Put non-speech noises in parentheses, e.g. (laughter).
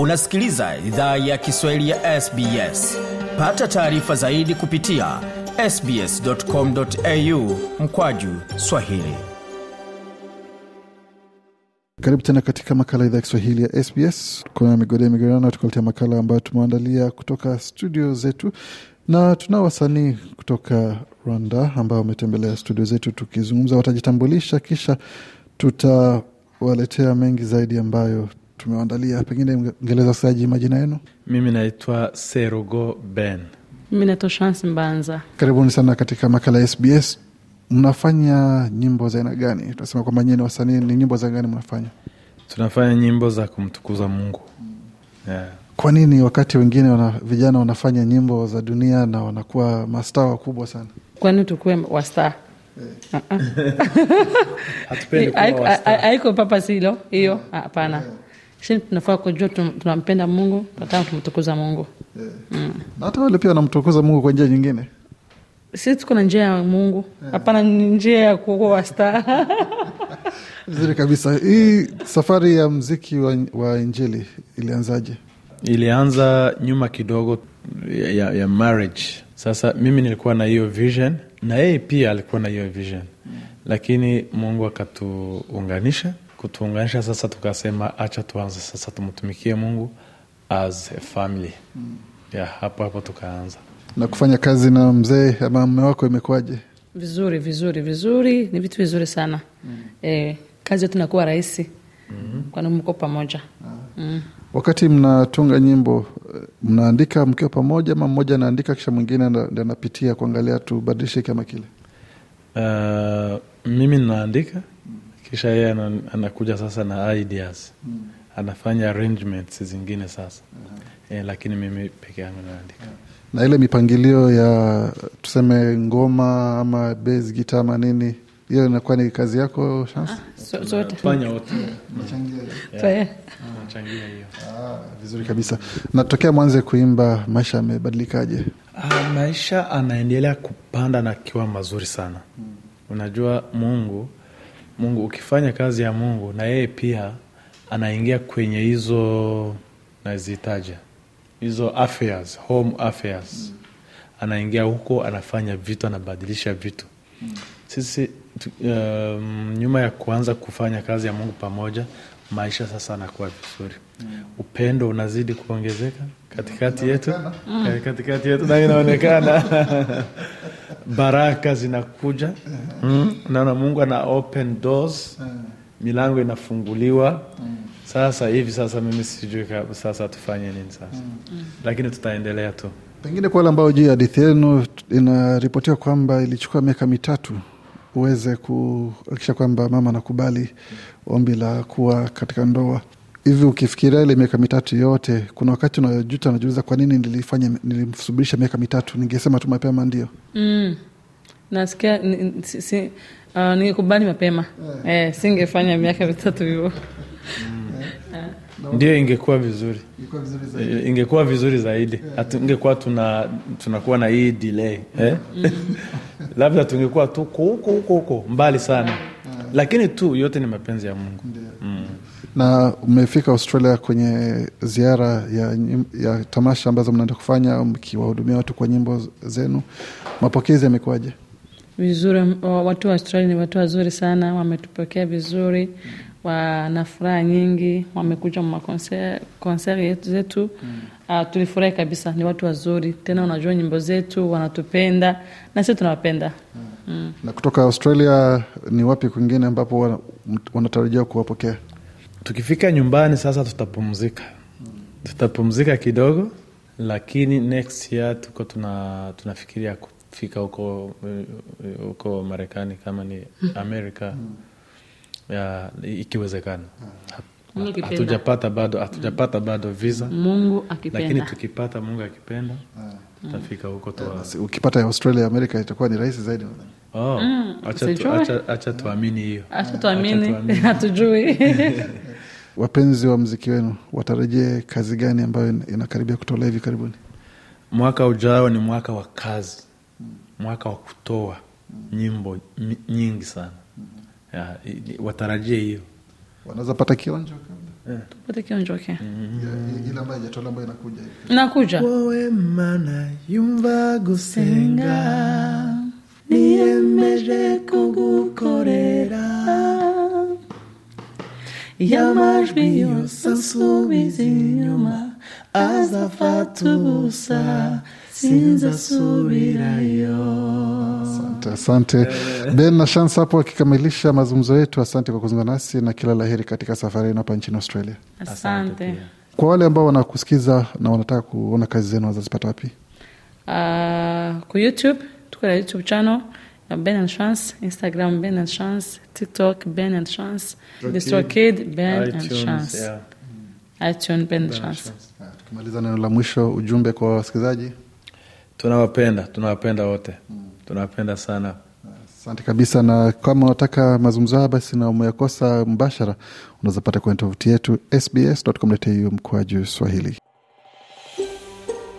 unasikiliza idhaa ya kiswahili ya sbs pata taarifa zaidi kupitia sbscomau mkwaju swahili karibu tena katika makala idhaa ya kiswahili ya sbs kuna migode ya migerano tukaletea makala ambayo tumeandalia kutoka studio zetu na tunao wasanii kutoka rwanda ambao wametembelea studio zetu tukizungumza watajitambulisha kisha tutawaletea mengi zaidi ambayo tumewaandalia, pengine mngeleza saji majina yenu. Mimi naitwa Serugo Ben. Mimi naitwa Shansi Mbanza. Karibuni sana katika makala ya SBS. Mnafanya nyimbo za aina gani? Tunasema kwamba nyie ni wasanii, ni nyimbo za gani mnafanya? Tunafanya nyimbo za kumtukuza Mungu. Yeah. Kwa nini wakati wengine wana, vijana wanafanya nyimbo za dunia na wanakuwa mastaa wakubwa sana, kwani tukuwe wastaa? Eh. Uh-uh. (laughs) Haiko papasilo hiyo, hapana. Eh sisi tunafaa kujua tunampenda Mungu, tunataka tumtukuza Mungu yeah. mm. hata wale pia wanamtukuza Mungu kwa njia nyingine. Sisi tuko na njia ya Mungu, eh. hapana yeah. njia ya kuokoa wasta (laughs) vizuri kabisa. Hii safari ya mziki wa, wa injili ilianzaje? Ilianza nyuma kidogo ya, ya marriage. Sasa mimi nilikuwa na hiyo vision na yeye pia alikuwa na hiyo vision, mm. lakini Mungu akatuunganisha kutuunganisha sasa, tukasema acha tuanze sasa tumtumikie Mungu as a family mm. ya hapo hapo tukaanza na kufanya kazi na mzee ama mme wako imekuwaje? Vizuri vizuri vizuri, ni vitu vizuri sana mm. E, kazi yetu inakuwa rahisi mm kwani mko pamoja ah. mm. Wakati mnatunga nyimbo eh, mnaandika mkiwa pamoja ama mmoja anaandika kisha mwingine anapitia kuangalia tubadilishe kama kile? Uh, mimi naandika kisha yeye anakuja sasa na ideas mm. anafanya arrangements zingine sasa uh-huh. e, lakini mimi peke yangu naandika -huh. Hmm. na ile mipangilio ya tuseme ngoma ama bas gita ama nini hiyo inakuwa ni kazi yako shansfanya ah, ah, ah, vizuri kabisa natokea mwanze kuimba maisha amebadilikaje ah, maisha anaendelea kupanda na kiwa mazuri sana mm. unajua mungu Mungu, ukifanya kazi ya Mungu na yeye pia anaingia kwenye hizo nazitaja hizo affairs, home affairs. Mm. Anaingia huko anafanya vitu, anabadilisha vitu. Mm. Sisi um, nyuma ya kuanza kufanya kazi ya Mungu pamoja, maisha sasa anakuwa vizuri. Mm. Upendo unazidi kuongezeka katikati mm. yetu, mm. katikati yetu na inaonekana (laughs) baraka zinakuja mm. naona Mungu ana open doors mm. milango inafunguliwa mm. Sasa hivi sasa mimi sijui sasa tufanye nini sasa mm. mm. lakini tutaendelea tu pengine kwa wale ambao juu ya hadithi yenu inaripotiwa kwamba ilichukua miaka mitatu uweze kuhakikisha kwamba mama anakubali ombi la kuwa katika ndoa hivi ukifikiria ile miaka mitatu yote, kuna wakati unajuta, unajiuliza kwa nini nilifanya, nilimsubirisha miaka mitatu, ningesema tu mapema ndio. Mm. Nasikia ni, si, si, uh, ningekubali mapema yeah. Eh, singefanya miaka mitatu hivyo mm. eh. ndio ingekuwa vizuri, ingekuwa vizuri zaidi, hatungekuwa eh, eh. tuna tunakuwa na hii delay eh? Mm. (laughs) Labda tungekuwa tuko huko huko huko mbali sana lakini tu yote ni mapenzi ya Mungu mm. Na umefika Australia kwenye ziara ya, ya tamasha ambazo mnaenda kufanya mkiwahudumia watu kwa nyimbo zenu, mapokezi yamekuwaje? Vizuri, watu wa Australia ni watu wazuri sana, wametupokea vizuri Wana furaha nyingi, wamekuja makonseri zetu mm. Uh, tulifurahi kabisa, ni watu wazuri tena, unajua nyimbo zetu wanatupenda na sisi tunawapenda mm mm. na kutoka Australia ni wapi kwingine ambapo wanatarajia kuwapokea? Tukifika nyumbani sasa, tutapumzika mm. tutapumzika kidogo, lakini next year tuko tuna, tunafikiria kufika huko eh, huko Marekani kama ni mm. Amerika uh, mm. ikiwezekana hatujapata bado, hatujapata bado visa Mungu akipenda. Lakini tukipata Mungu akipenda tutafika huko. Eh, ukipata Australia Amerika itakuwa ni rahisi zaidi oh, hacha mm. tuamini hiyo tuamini (laughs) hatujui (laughs) wapenzi wa mziki wenu watarajie kazi gani ambayo inakaribia kutolewa hivi karibuni mwaka ujao ni mwaka wa kazi mwaka wa kutoa nyimbo nyingi sana ya, watarajie hiyo wanaweza pata kionjo yeah. tupate kionjo ke mm-hmm. inakuja wowe mana yumva gusenga Niyemeje y'amajwi yose inyuma ubusa asante ben na shanse hapo akikamilisha mazungumzo yetu asante kwa kuzungumza nasi na kila laheri katika safari yenu hapa nchini australia asante, kwa wale ambao wanakusikiza na wanataka kuona kazi zenu wazazipata wapi uh, kwa youtube tuko YouTube channel ya Ben and Chance, Instagram Ben and Chance, TikTok Ben and Chance, The Store Kid Ben iTunes, and Chance. Yeah. Mm. iTunes Ben, ben and Chance. Tukimaliza neno la mwisho, ujumbe kwa wasikilizaji. Tunawapenda, tunawapenda wote. Mm. Tunawapenda sana. Asante kabisa, na kama unataka mazungumzo haya basi na umeyakosa mbashara, unaweza pata kwenye tovuti yetu sbs.com.au mkoa Swahili